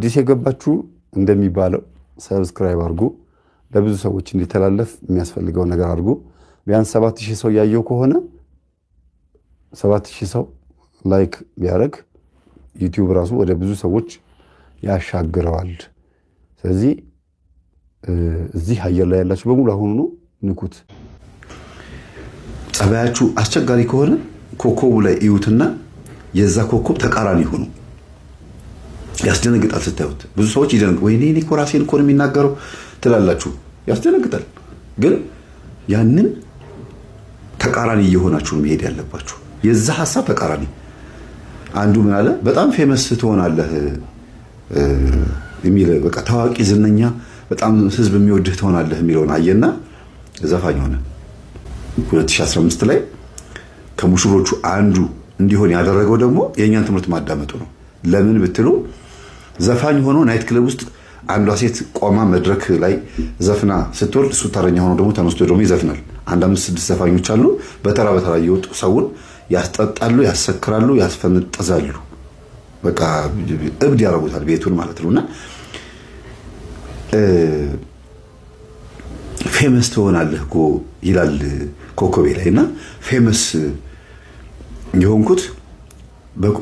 አዲስ የገባችሁ እንደሚባለው ሰብስክራይብ አድርጉ። ለብዙ ሰዎች እንዲተላለፍ የሚያስፈልገው ነገር አድርጉ። ቢያንስ ሰባት ሺህ ሰው ያየው ከሆነ ሰባት ሺህ ሰው ላይክ ቢያደርግ ዩቲዩብ ራሱ ወደ ብዙ ሰዎች ያሻግረዋል። ስለዚህ እዚህ አየር ላይ ያላችሁ በሙሉ አሁኑ ነው ንኩት። ጸባያችሁ አስቸጋሪ ከሆነ ኮከቡ ላይ እዩትና የዛ ኮከብ ተቃራኒ ሆኑ። ያስደነግጣል። ስታዩት ብዙ ሰዎች ይደነግ ወይኔ እኔ እኮ ራሴን እኮ ነው የሚናገረው ትላላችሁ። ያስደነግጣል። ግን ያንን ተቃራኒ እየሆናችሁ መሄድ ያለባችሁ የዛ ሀሳብ ተቃራኒ። አንዱ ምን አለ በጣም ፌመስ ትሆናለህ የሚል በቃ ታዋቂ ዝነኛ፣ በጣም ህዝብ የሚወድህ ትሆናለህ የሚለውን አየና ዘፋኝ ሆነ። 2015 ላይ ከሙሽሮቹ አንዱ እንዲሆን ያደረገው ደግሞ የእኛን ትምህርት ማዳመጡ ነው። ለምን ብትሉ ዘፋኝ ሆኖ ናይት ክለብ ውስጥ አንዷ ሴት ቆማ መድረክ ላይ ዘፍና ስትወርድ እሱ ተረኛ ሆኖ ደግሞ ተነስቶ ደግሞ ይዘፍናል። አንድ አምስት ስድስት ዘፋኞች አሉ። በተራ በተራ እየወጡ ሰውን ያስጠጣሉ፣ ያሰክራሉ፣ ያስፈነጥዛሉ። በቃ እብድ ያደርጉታል ቤቱን ማለት ነው። እና ፌመስ ትሆናለህ እኮ ይላል ኮከቤ ላይ እና ፌመስ የሆንኩት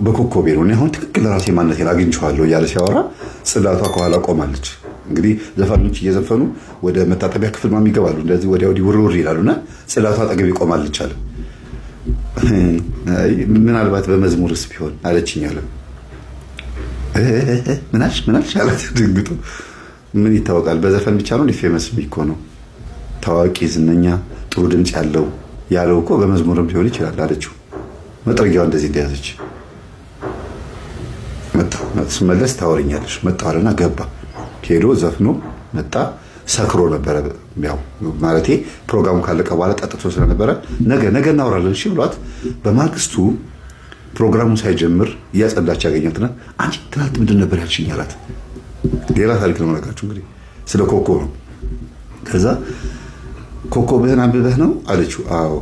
በኮኮቤ ነው እኔ አሁን ትክክል ራሴ ማንነቴን አግኝቼዋለሁ እያለ ሲያወራ ጽላቷ ከኋላ ቆማለች። እንግዲህ ዘፋኞች እየዘፈኑ ወደ መታጠቢያ ክፍል ማም ይገባሉ። እንደዚህ ወዲያ ወዲህ ውርውር ይላሉና ጽላቷ አጠገቤ ቆማለች አለ። ምናልባት በመዝሙርስ ቢሆን አለችኝ አለ። ምናልሽ ምናልሽ አላት ድንግጡ። ምን ይታወቃል በዘፈን ብቻ ነው ፌመስ እኮ ነው ታዋቂ ዝነኛ ጥሩ ድምፅ ያለው ያለው እኮ በመዝሙርም ሊሆን ይችላል አለችው። መጥረጊያዋ እንደዚህ እንደያዘች መጣሁ። ስመለስ ታወሪኛለሽ መጣሁና ገባ ሄዶ ዘፍኖ መጣ። ሰክሮ ነበረ። ያው ማለቴ ፕሮግራሙ ካለቀ በኋላ ጠጥቶ ስለነበረ ነገ ነገ እናወራለን እሺ ብሏት፣ በማግስቱ ፕሮግራሙ ሳይጀምር እያጸዳች ያገኛትና አንቺ ትናንት ምንድን ነበር ያልሽኝ አላት። ሌላ ታሪክ ነው ነገራችሁ። እንግዲህ ስለ ኮከብ ነው። ከዛ ኮከብህን አንብበህ ነው አለችው። አዎ።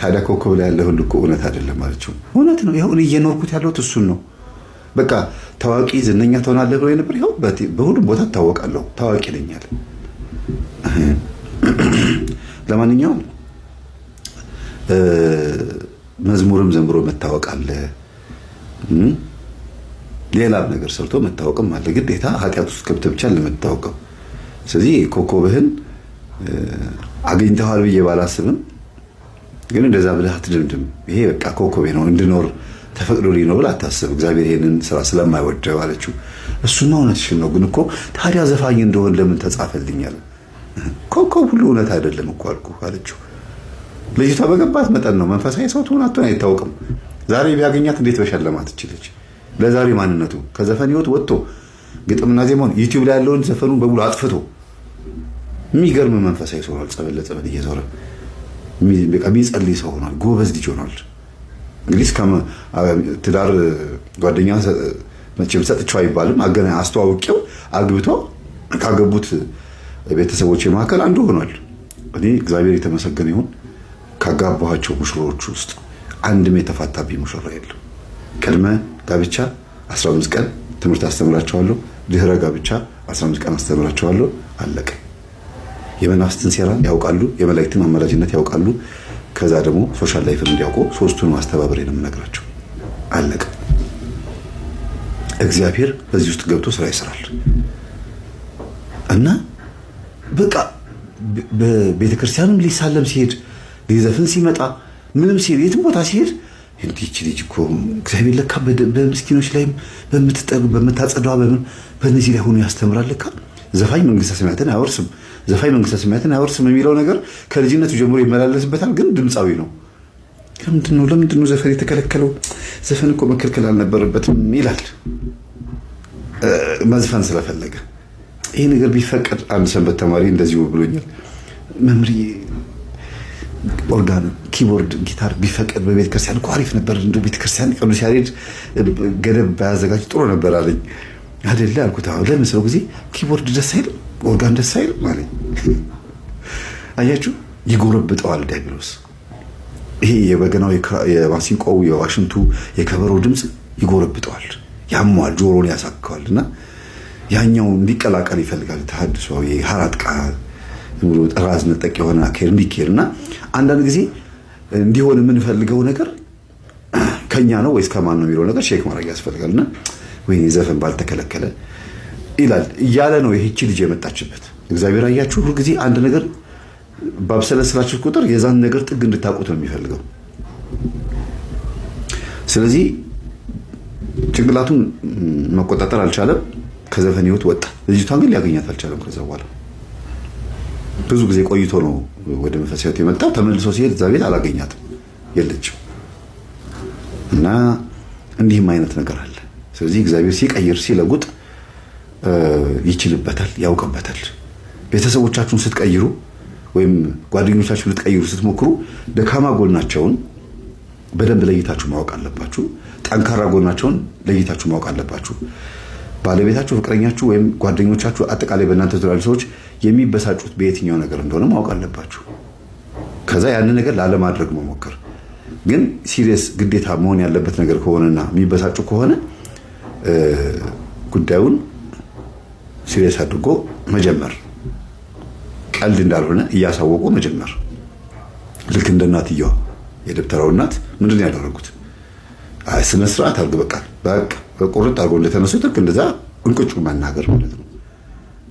ታዲያ ኮከብ ላይ ያለ ሁሉ እውነት አይደለም አለችው። እውነት ነው። ይኸው እየኖርኩት ያለሁት እሱን ነው በቃ ታዋቂ ዝነኛ ትሆናለህ ብሎ የነበር ይኸው በሁሉም ቦታ እታወቃለሁ፣ ታዋቂ ነኛል። ለማንኛውም መዝሙርም ዘምሮ መታወቅ አለ፣ ሌላም ነገር ሰርቶ መታወቅም አለ። ግዴታ ኃጢአት ውስጥ ከብተህ ብቻ ለመታወቀው። ስለዚህ ኮከብህን አግኝተዋል ብዬ ባላስብም ግን እንደዛ ብለህ አትደምድም። ይሄ በቃ ኮከቤ ነው እንድኖር ተፈቅዶልኝ ነው ብላ አታስብ፣ እግዚአብሔር ይሄንን ስራ ስለማይወደው አለችው። እሱማ እውነትሽን ነው፣ ግን እኮ ታዲያ ዘፋኝ እንደሆን ለምን ተጻፈልኛል? ኮኮብ ሁሉ እውነት አይደለም እኮ አልኩ አለችው። ልጅቷ በገባት መጠን ነው መንፈሳዊ ሰው ትሆን አትሆን አይታወቅም። ዛሬ ቢያገኛት እንዴት በሸለማት ትችለች? ለዛሬ ማንነቱ ከዘፈን ህይወት ወጥቶ ግጥምና ዜማውን ዩቲዩብ ላይ ያለውን ዘፈኑን በሙሉ አጥፍቶ የሚገርም መንፈሳዊ ሰው ሆኗል። ጸበል ለጸበል እየዞረ የሚጸልይ ሰው ሆኗል። ጎበዝ ልጅ ሆኗል። እንግዲህ እስከ ትዳር ጓደኛ መቼም ሰጥቼው አይባልም። አገና አስተዋውቄው አግብቶ ካገቡት ቤተሰቦች መካከል አንዱ ሆኗል። እኔ እግዚአብሔር የተመሰገነ ይሁን ካጋባኋቸው ሙሽሮች ውስጥ አንድም የተፋታብኝ ሙሽራ የለም። ቅድመ ጋብቻ 15 ቀን ትምህርት አስተምራቸዋለሁ። ድህረ ጋብቻ 15 ቀን አስተምራቸዋለሁ። አለቀ። የመናፍስትን ሴራ ያውቃሉ። የመላእክትን አማላጅነት ያውቃሉ። ከዛ ደግሞ ሶሻል ላይፍን እንዲያውቁ ሶስቱን ማስተባበር ነው የምነግራቸው። አለቀ። እግዚአብሔር በዚህ ውስጥ ገብቶ ስራ ይሰራል እና በቃ በቤተክርስቲያንም ሊሳለም ሲሄድ ሊዘፍን ሲመጣ ምንም ሲሄድ የትም ቦታ ሲሄድ እንዲች ልጅ እኮ እግዚአብሔር ለካ በምስኪኖች ላይም በምትጠ በምታጸዷ በምን በእነዚህ ላይ ሆኖ ያስተምራል። ለካ ዘፋኝ መንግስተ ሰማያትን አያወርስም። ዘፋኝ መንግስተ ሰማያትን አያወርስም የሚለው ነገር ከልጅነቱ ጀምሮ ይመላለስበታል። ግን ድምፃዊ ነው። ለምንድነው ለምንድነው ዘፈን የተከለከለው? ዘፈን እኮ መከልከል አልነበረበትም ይላል መዝፈን ስለፈለገ ይሄ ነገር ቢፈቀድ። አንድ ሰንበት ተማሪ እንደዚሁ ብሎኛል። መምሪ ኦርጋን፣ ኪቦርድ፣ ጊታር ቢፈቀድ በቤተክርስቲያን እኮ አሪፍ ነበር። እንደ ክርስቲያን ቅዱስ ያሬድ ገደብ ባያዘጋጅ ጥሩ ነበር አለኝ። አደለ አልኩት። ለምን ስለው ጊዜ ኪቦርድ ደስ አይልም፣ ኦርጋን ደስ አይልም አለኝ። አያችሁ፣ ይጎረብጠዋል ዲያብሎስ። ይሄ የበገናው፣ የማሲንቆው፣ የዋሽንቱ፣ የከበሮ ድምፅ ይጎረብጠዋል፣ ያሟል፣ ጆሮን ያሳከዋል እና ያኛው እንዲቀላቀል ይፈልጋል። ተሐድሶ የሀራት ቃል ብሎ ጥራዝ ነጠቅ የሆነ አካሄድ እንዲካሄድ እና አንዳንድ ጊዜ እንዲሆን የምንፈልገው ነገር ከኛ ነው ወይስ ከማን ነው የሚለው ነገር ሼክ ማድረግ ያስፈልጋል እና ወይ ዘፈን ባልተከለከለ ይላል እያለ ነው ይህቺ ልጅ የመጣችበት እግዚአብሔር አያችሁ፣ ሁልጊዜ አንድ ነገር ባብሰለስላችሁ ቁጥር የዛን ነገር ጥግ እንድታውቁት ነው የሚፈልገው። ስለዚህ ጭንቅላቱን መቆጣጠር አልቻለም። ከዘፈን ህይወት ወጣ። ልጅቷን ግን ሊያገኛት አልቻለም። ከዛ በኋላ ብዙ ጊዜ ቆይቶ ነው ወደ መንፈስ ህይወት የመጣው። ተመልሶ ሲሄድ እዛ ቤት አላገኛትም፣ የለችም። እና እንዲህም አይነት ነገር አለ። ስለዚህ እግዚአብሔር ሲቀይር ሲለውጥ ይችልበታል፣ ያውቅበታል። ቤተሰቦቻችሁን ስትቀይሩ ወይም ጓደኞቻችሁን ልትቀይሩ ስትሞክሩ ደካማ ጎናቸውን በደንብ ለይታችሁ ማወቅ አለባችሁ። ጠንካራ ጎናቸውን ለይታችሁ ማወቅ አለባችሁ። ባለቤታችሁ፣ ፍቅረኛችሁ ወይም ጓደኞቻችሁ፣ አጠቃላይ በእናንተ ዙሪያ ሰዎች የሚበሳጩት በየትኛው ነገር እንደሆነ ማወቅ አለባችሁ። ከዛ ያንን ነገር ላለማድረግ መሞከር ግን ሲሪየስ ግዴታ መሆን ያለበት ነገር ከሆነና የሚበሳጩ ከሆነ ጉዳዩን ሲሪየስ አድርጎ መጀመር ቀልድ እንዳልሆነ እያሳወቁ መጀመር። ልክ እንደ እናትየዋ የደብተራው እናት ምንድን ያደረጉት ስነ ስርዓት አድርግ፣ በቃ በቃ በቁርጥ አድርጎ እንደተነሱት ልክ እንደዛ እንቅጩ መናገር ማለት ነው።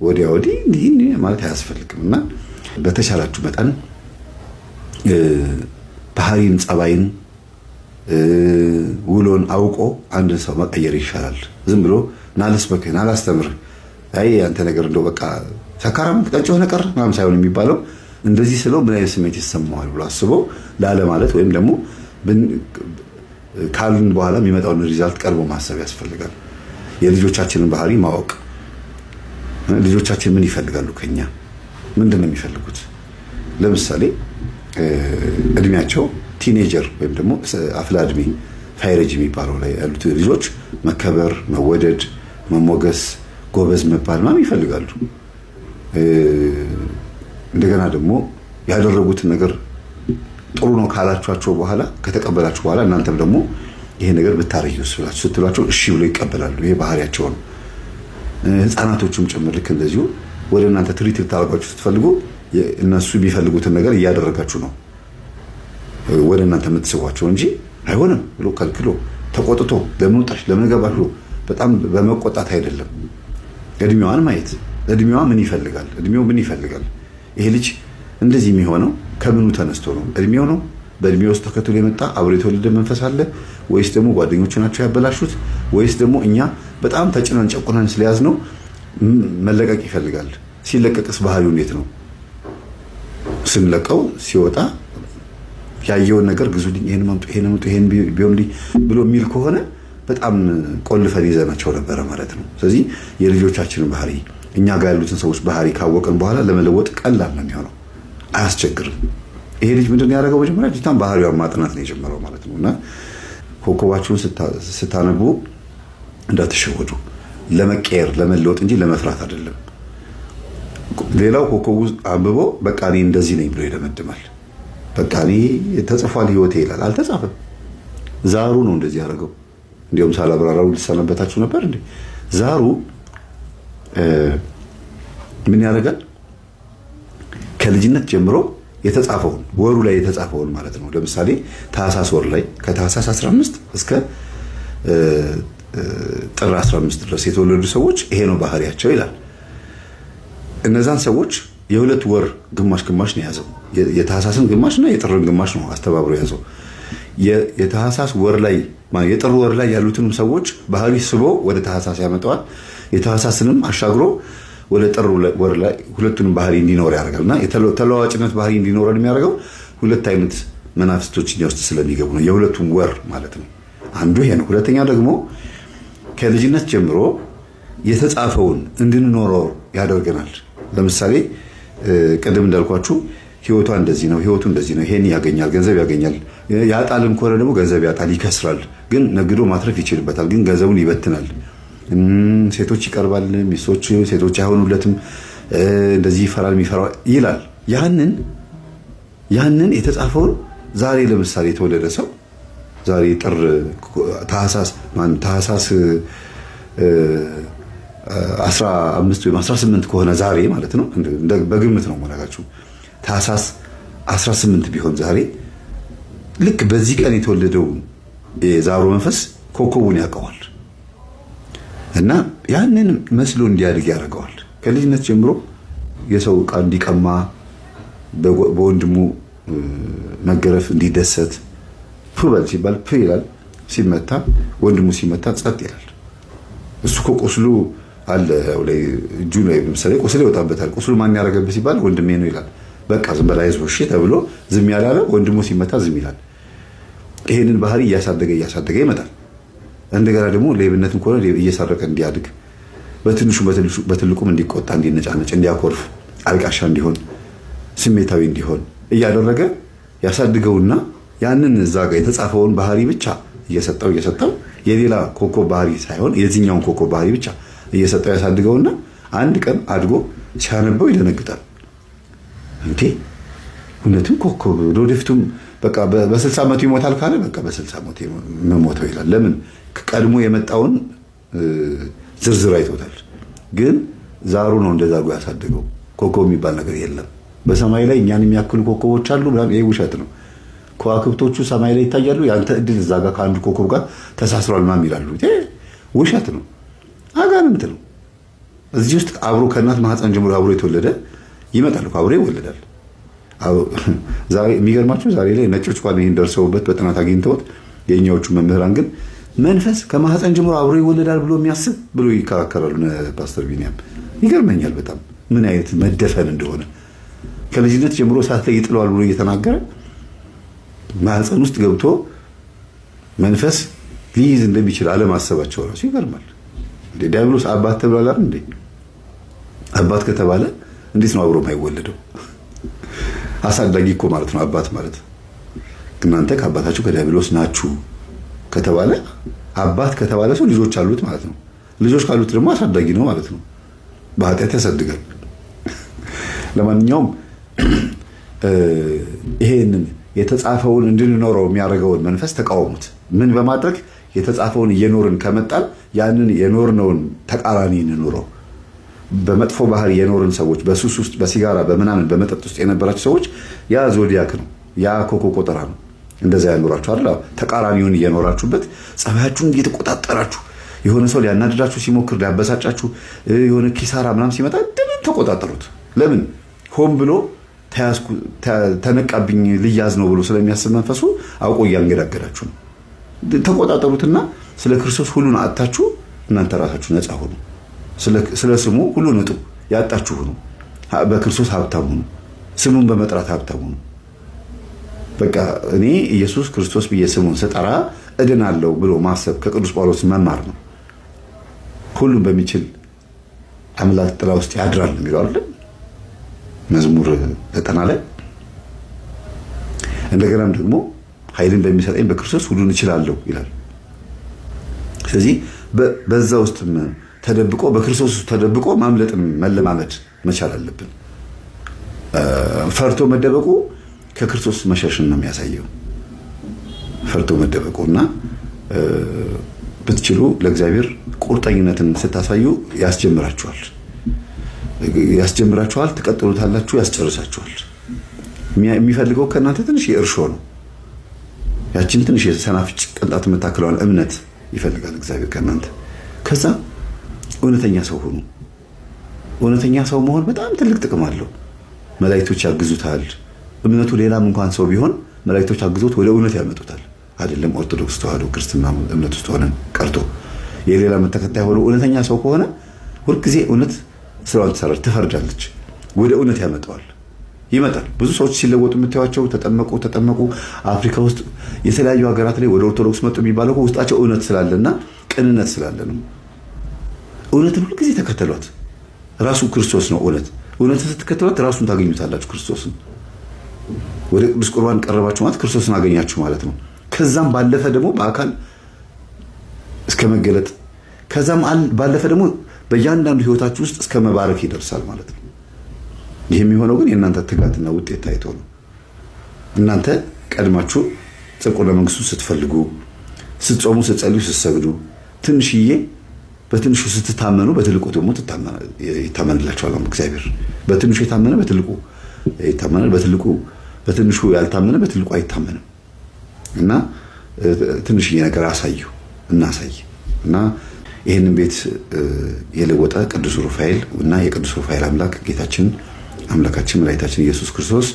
ወዲያ ወዲህ እንዲህ ማለት አያስፈልግም እና በተሻላችሁ መጠን ባህሪን፣ ጸባይን፣ ውሎን አውቆ አንድን ሰው መቀየር ይሻላል። ዝም ብሎ ናለስበክህ ናላስተምርህ አይ አንተ ነገር እንደው በቃ ሰካራም ቀጭ የሆነ ቀር ምናምን ሳይሆን የሚባለው እንደዚህ ስለው ምን አይነት ስሜት ይሰማዋል ብሎ አስቦ ላለማለት ወይም ደግሞ ካሉን በኋላ የሚመጣውን ሪዛልት ቀርቦ ማሰብ ያስፈልጋል። የልጆቻችንን ባህሪ ማወቅ፣ ልጆቻችን ምን ይፈልጋሉ፣ ከኛ ምንድን ነው የሚፈልጉት? ለምሳሌ እድሜያቸው ቲኔጀር ወይም ደግሞ አፍላ እድሜ ፋይረጅ የሚባለው ላይ ያሉት ልጆች መከበር፣ መወደድ፣ መሞገስ፣ ጎበዝ መባል ምናምን ይፈልጋሉ። እንደገና ደግሞ ያደረጉትን ነገር ጥሩ ነው ካላችኋቸው በኋላ ከተቀበላችሁ በኋላ እናንተም ደግሞ ይሄ ነገር ብታረጊ ስላችሁ ስትሏቸው እሺ ብሎ ይቀበላሉ። ይሄ ባህሪያቸው ነው። ህፃናቶቹም ጭምር ልክ እንደዚሁ ወደ እናንተ ትሪት ልታደርጓችሁ ስትፈልጉ እነሱ የሚፈልጉትን ነገር እያደረጋችሁ ነው ወደ እናንተ የምትስቧቸው እንጂ አይሆንም ብሎ ከልክሎ ተቆጥቶ ለምን ወጣሽ ለምን ገባሽ በጣም በመቆጣት አይደለም እድሜዋን ማየት እድሜዋ ምን ይፈልጋል? እድሜው ምን ይፈልጋል? ይሄ ልጅ እንደዚህ የሚሆነው ከምኑ ተነስቶ ነው? እድሜው ነው? በእድሜ ውስጥ ተከትሎ የመጣ አብሮ የተወለደ መንፈስ አለ ወይስ ደግሞ ጓደኞቹ ናቸው ያበላሹት? ወይስ ደግሞ እኛ በጣም ተጭነን ጨቁነን ስለያዝ ነው? መለቀቅ ይፈልጋል። ሲለቀቅስ ባህሪው እንዴት ነው? ስንለቀው ሲወጣ ያየውን ነገር ግዙልኝ፣ ይሄን ማምጡ፣ ይሄን ማምጡ፣ ይሄን ቢሆንልኝ ብሎ የሚል ከሆነ በጣም ቆልፈን ይዘናቸው ነበረ ማለት ነው። ስለዚህ የልጆቻችንን ባህሪ እኛ ጋር ያሉትን ሰዎች ባህሪ ካወቅን በኋላ ለመለወጥ ቀላል ነው የሚሆነው፣ አያስቸግርም። ይሄ ልጅ ምንድን ያደረገው መጀመሪያ ጅታን ባህሪዋን ማጥናት ነው የጀመረው ማለት ነው። እና ኮከባችሁን ስታነቡ እንዳትሸወዱ፣ ለመቀየር ለመለወጥ እንጂ ለመፍራት አይደለም። ሌላው ኮከቡ አንብቦ በቃ እኔ እንደዚህ ነኝ ብሎ ይደመድማል። በቃ እኔ ተጽፏል ህይወቴ ይላል። አልተጻፈም። ዛሩ ነው እንደዚህ ያደረገው። እንዲሁም ሳላብራራው ልሰነበታችሁ ነበር እንዴ ዛሩ ምን ያደርጋል? ከልጅነት ጀምሮ የተጻፈውን ወሩ ላይ የተጻፈውን ማለት ነው። ለምሳሌ ታህሳስ ወር ላይ ከታህሳስ 15 እስከ ጥር 15 ድረስ የተወለዱ ሰዎች ይሄ ነው ባህሪያቸው ይላል። እነዛን ሰዎች የሁለት ወር ግማሽ ግማሽ ነው የያዘው። የታህሳስን ግማሽ እና የጥርን ግማሽ ነው አስተባብሮ የያዘው። የታህሳስ ወር ላይ የጥር ወር ላይ ያሉትንም ሰዎች ባህሪ ስቦ ወደ ታህሳስ ያመጣዋል። የታህሳስንም አሻግሮ ወደ ጥር ወር ላይ ሁለቱንም ባህሪ እንዲኖር ያደርጋል እና ተለዋዋጭነት ባህሪ እንዲኖረን የሚያደርገው ሁለት አይነት መናፍስቶች እኛ ውስጥ ስለሚገቡ ነው። የሁለቱም ወር ማለት ነው። አንዱ ይሄ ነው። ሁለተኛ ደግሞ ከልጅነት ጀምሮ የተጻፈውን እንድንኖረው ያደርገናል። ለምሳሌ ቅድም እንዳልኳችሁ ህይወቷ እንደዚህ ነው፣ ህይወቱ እንደዚህ ነው፣ ይሄን ያገኛል፣ ገንዘብ ያገኛል። ያጣልም ከሆነ ደግሞ ገንዘብ ያጣል፣ ይከስራል። ግን ነግዶ ማትረፍ ይችልበታል፣ ግን ገንዘቡን ይበትናል። ሴቶች ይቀርባል፣ ሚስቶች ሴቶች አይሆኑለትም፣ እንደዚህ ይፈራል፣ የሚፈራው ይላል። ያንን ያንን የተጻፈውን ዛሬ ለምሳሌ የተወለደ ሰው ዛሬ ጥር ታህሳስ 15 ወይም 18 ከሆነ ዛሬ ማለት ነው፣ በግምት ነው መናጋችሁ። ታህሳስ 18 ቢሆን ዛሬ ልክ በዚህ ቀን የተወለደው የዛሮ መንፈስ ኮከቡን ያውቀዋል። እና ያንን መስሎ እንዲያድግ ያደርገዋል። ከልጅነት ጀምሮ የሰው እቃ እንዲቀማ፣ በወንድሙ መገረፍ እንዲደሰት፣ ፕበል ሲባል ፕ ይላል። ሲመታ ወንድሙ ሲመታ ጸጥ ይላል። እሱ እኮ ቁስሉ አለ ላይ እጁ ላይ ለምሳሌ ቁስል ይወጣበታል። ቁስሉ ማን ያደረገብህ ሲባል ወንድሜ ነው ይላል። በቃ ዝም በላ እሺ ተብሎ ዝም ያላለ ወንድሙ ሲመታ ዝም ይላል። ይህንን ባህሪ እያሳደገ እያሳደገ ይመጣል። እንደገና ደግሞ ሌብነትም ከሆነ እየሰረቀ እንዲያድግ በትንሹ በትልቁም እንዲቆጣ፣ እንዲነጫነጭ፣ እንዲያኮርፍ፣ አልቃሻ እንዲሆን፣ ስሜታዊ እንዲሆን እያደረገ ያሳድገውና ያንን እዛ ጋር የተጻፈውን ባህሪ ብቻ እየሰጠው እየሰጠው የሌላ ኮከብ ባህሪ ሳይሆን የዚኛውን ኮከብ ባህሪ ብቻ እየሰጠው ያሳድገውና አንድ ቀን አድጎ ሲያነበው ይደነግጣል። እንዴ እውነትም ኮከብ ለወደፊቱም በቃ በ60 ዓመቱ ይሞታል ካለ በቃ በ60 ዓመቱ መሞተው ይላል። ለምን ቀድሞ የመጣውን ዝርዝር አይቶታል። ግን ዛሩ ነው እንደዛ አድርጎ ያሳደገው። ኮከብ የሚባል ነገር የለም በሰማይ ላይ እኛን የሚያክሉ ኮከቦች አሉ። ይህ ውሸት ነው። ከዋክብቶቹ ሰማይ ላይ ይታያሉ። ያንተ እድል እዛ ጋር ከአንዱ ኮከብ ጋር ተሳስሯል ማም ይላሉ። ውሸት ነው፣ አጋንንት ነው። እዚህ ውስጥ አብሮ ከእናት ማህፀን ጀምሮ አብሮ የተወለደ ይመጣል፣ አብሮ ይወለዳል። የሚገርማቸው ዛሬ ላይ ነጮች እንኳን ይህን ደርሰውበት በጥናት አግኝተውት የእኛዎቹ መምህራን ግን መንፈስ ከማህፀን ጀምሮ አብሮ ይወለዳል ብሎ የሚያስብ ብሎ ይከራከራሉ። ፓስተር ቢኒያም ይገርመኛል በጣም ምን አይነት መደፈን እንደሆነ ከልጅነት ጀምሮ እሳት ላይ ይጥለዋል ብሎ እየተናገረ ማህፀን ውስጥ ገብቶ መንፈስ ሊይዝ እንደሚችል አለማሰባቸው ራሱ ይገርማል። ዲያብሎስ አባት ተብሏል እንዴ? አባት ከተባለ እንዴት ነው አብሮ የማይወለደው? አሳዳጊ እኮ ማለት ነው አባት ማለት እናንተ ከአባታችሁ ከዲያብሎስ ናችሁ ከተባለ አባት ከተባለ ሰው ልጆች አሉት ማለት ነው። ልጆች ካሉት ደግሞ አሳዳጊ ነው ማለት ነው። በኃጢአት ያሳድጋል። ለማንኛውም ይሄንን የተጻፈውን እንድንኖረው የሚያደርገውን መንፈስ ተቃወሙት። ምን በማድረግ የተጻፈውን እየኖርን ከመጣል ያንን የኖርነውን ተቃራኒ እንኖረው በመጥፎ ባህሪ የኖርን ሰዎች በሱስ ውስጥ በሲጋራ በምናምን በመጠጥ ውስጥ የነበራቸው ሰዎች ያ ዞዲያክ ነው፣ ያ ኮኮ ቆጠራ ነው። እንደዛ ያኖራችሁ አለ ተቃራኒውን እየኖራችሁበት ጸባያችሁን እየተቆጣጠራችሁ የሆነ ሰው ሊያናድዳችሁ ሲሞክር ሊያበሳጫችሁ የሆነ ኪሳራ ምናም ሲመጣ ድምን ተቆጣጠሩት። ለምን ሆን ብሎ ተነቃብኝ ልያዝ ነው ብሎ ስለሚያስብ መንፈሱ አውቆ እያንገዳገዳችሁ ነው። ተቆጣጠሩትና ስለ ክርስቶስ ሁሉን አጥታችሁ እናንተ ራሳችሁ ነፃ ሆኑ። ስለ ስሙ ሁሉ ንጡ ያጣችሁ ሁኑ። በክርስቶስ ሀብታም ሁኑ። ስሙን በመጥራት ሀብታም ሁኑ። በቃ እኔ ኢየሱስ ክርስቶስ ብዬ ስሙን ስጠራ እድናለሁ ብሎ ማሰብ ከቅዱስ ጳውሎስ መማር ነው። ሁሉም በሚችል አምላክ ጥላ ውስጥ ያድራል ነው የሚለው አለ መዝሙር ዘጠና ላይ እንደገናም ደግሞ ኃይልን በሚሰጠኝ በክርስቶስ ሁሉን እችላለሁ ይላል። ስለዚህ በዛ ውስጥም ተደብቆ በክርስቶስ ተደብቆ ማምለጥ መለማመድ መቻል አለብን። ፈርቶ መደበቁ ከክርስቶስ መሸሽን ነው የሚያሳየው። ፈርቶ መደበቁ እና ብትችሉ ለእግዚአብሔር ቁርጠኝነትን ስታሳዩ ያስጀምራችኋል ያስጀምራችኋል ትቀጥሉታላችሁ፣ ያስጨርሳችኋል። የሚፈልገው ከእናንተ ትንሽ የእርሾ ነው። ያችን ትንሽ የሰናፍጭ ቅንጣት የምታክለዋል እምነት ይፈልጋል እግዚአብሔር ከእናንተ ከዛ እውነተኛ ሰው ሆኑ። እውነተኛ ሰው መሆን በጣም ትልቅ ጥቅም አለው። መላእክቶች ያግዙታል። እምነቱ ሌላም እንኳን ሰው ቢሆን መላእክቶች አግዞት ወደ እውነት ያመጡታል። አይደለም ኦርቶዶክስ ተዋህዶ ክርስትና እምነት ውስጥ ሆነን ቀርቶ የሌላ እምነት ተከታይ ሆኖ እውነተኛ ሰው ከሆነ ሁልጊዜ እውነት ስራውን ትሰራለች፣ ትፈርዳለች፣ ወደ እውነት ያመጣዋል። ይመጣል። ብዙ ሰዎች ሲለወጡ የምታዩቸው ተጠመቁ ተጠመቁ አፍሪካ ውስጥ የተለያዩ ሀገራት ላይ ወደ ኦርቶዶክስ መጡ የሚባለው ውስጣቸው እውነት ስላለና ቅንነት ስላለ ነው። እውነትን ሁልጊዜ ተከተሏት። ራሱ ክርስቶስ ነው እውነት። እውነትን ስትከተሏት ራሱን ታገኙታላችሁ። ክርስቶስን ወደ ቅዱስ ቁርባን ቀረባችሁ ማለት ክርስቶስን አገኛችሁ ማለት ነው። ከዛም ባለፈ ደግሞ በአካል እስከ መገለጥ፣ ከዛም ባለፈ ደግሞ በእያንዳንዱ ህይወታችሁ ውስጥ እስከ መባረክ ይደርሳል ማለት ነው። ይህ የሚሆነው ግን የእናንተ ትጋትና ውጤት ታይቶ ነው። እናንተ ቀድማችሁ ጽድቁን ለመንግስቱ ስትፈልጉ፣ ስትጾሙ፣ ስትጸልዩ፣ ስትሰግዱ ትንሽዬ በትንሹ ስትታመኑ በትልቁ ደግሞ ይታመንላችኋል። እግዚአብሔር በትንሹ የታመነ በትልቁ ይታመናል። በትልቁ በትንሹ ያልታመነ በትልቁ አይታመንም እና ትንሽዬ ነገር አሳዩ እናሳይ እና ይህንን ቤት የለወጠ ቅዱስ ሩፋኤል እና የቅዱስ ሩፋኤል አምላክ ጌታችን አምላካችን መድኃኒታችን ኢየሱስ ክርስቶስ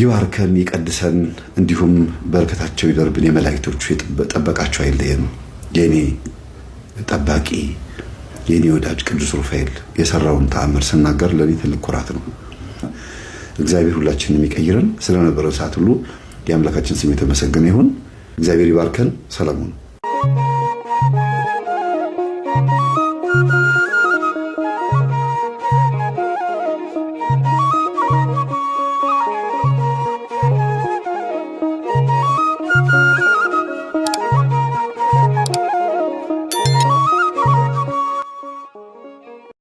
ይባርከን ይቀድሰን፣ እንዲሁም በረከታቸው ይደርብን። የመላእክቶቹ ጠበቃቸው አይለየን የኔ ጠባቂ የኔ ወዳጅ ቅዱስ ሩፋኤል የሰራውን ተአምር ስናገር ለእኔ ትልቅ ኩራት ነው። እግዚአብሔር ሁላችን የሚቀይረን ስለነበረን ሰዓት ሁሉ የአምላካችን ስም የተመሰገነ ይሁን። እግዚአብሔር ይባርከን። ሰላሙን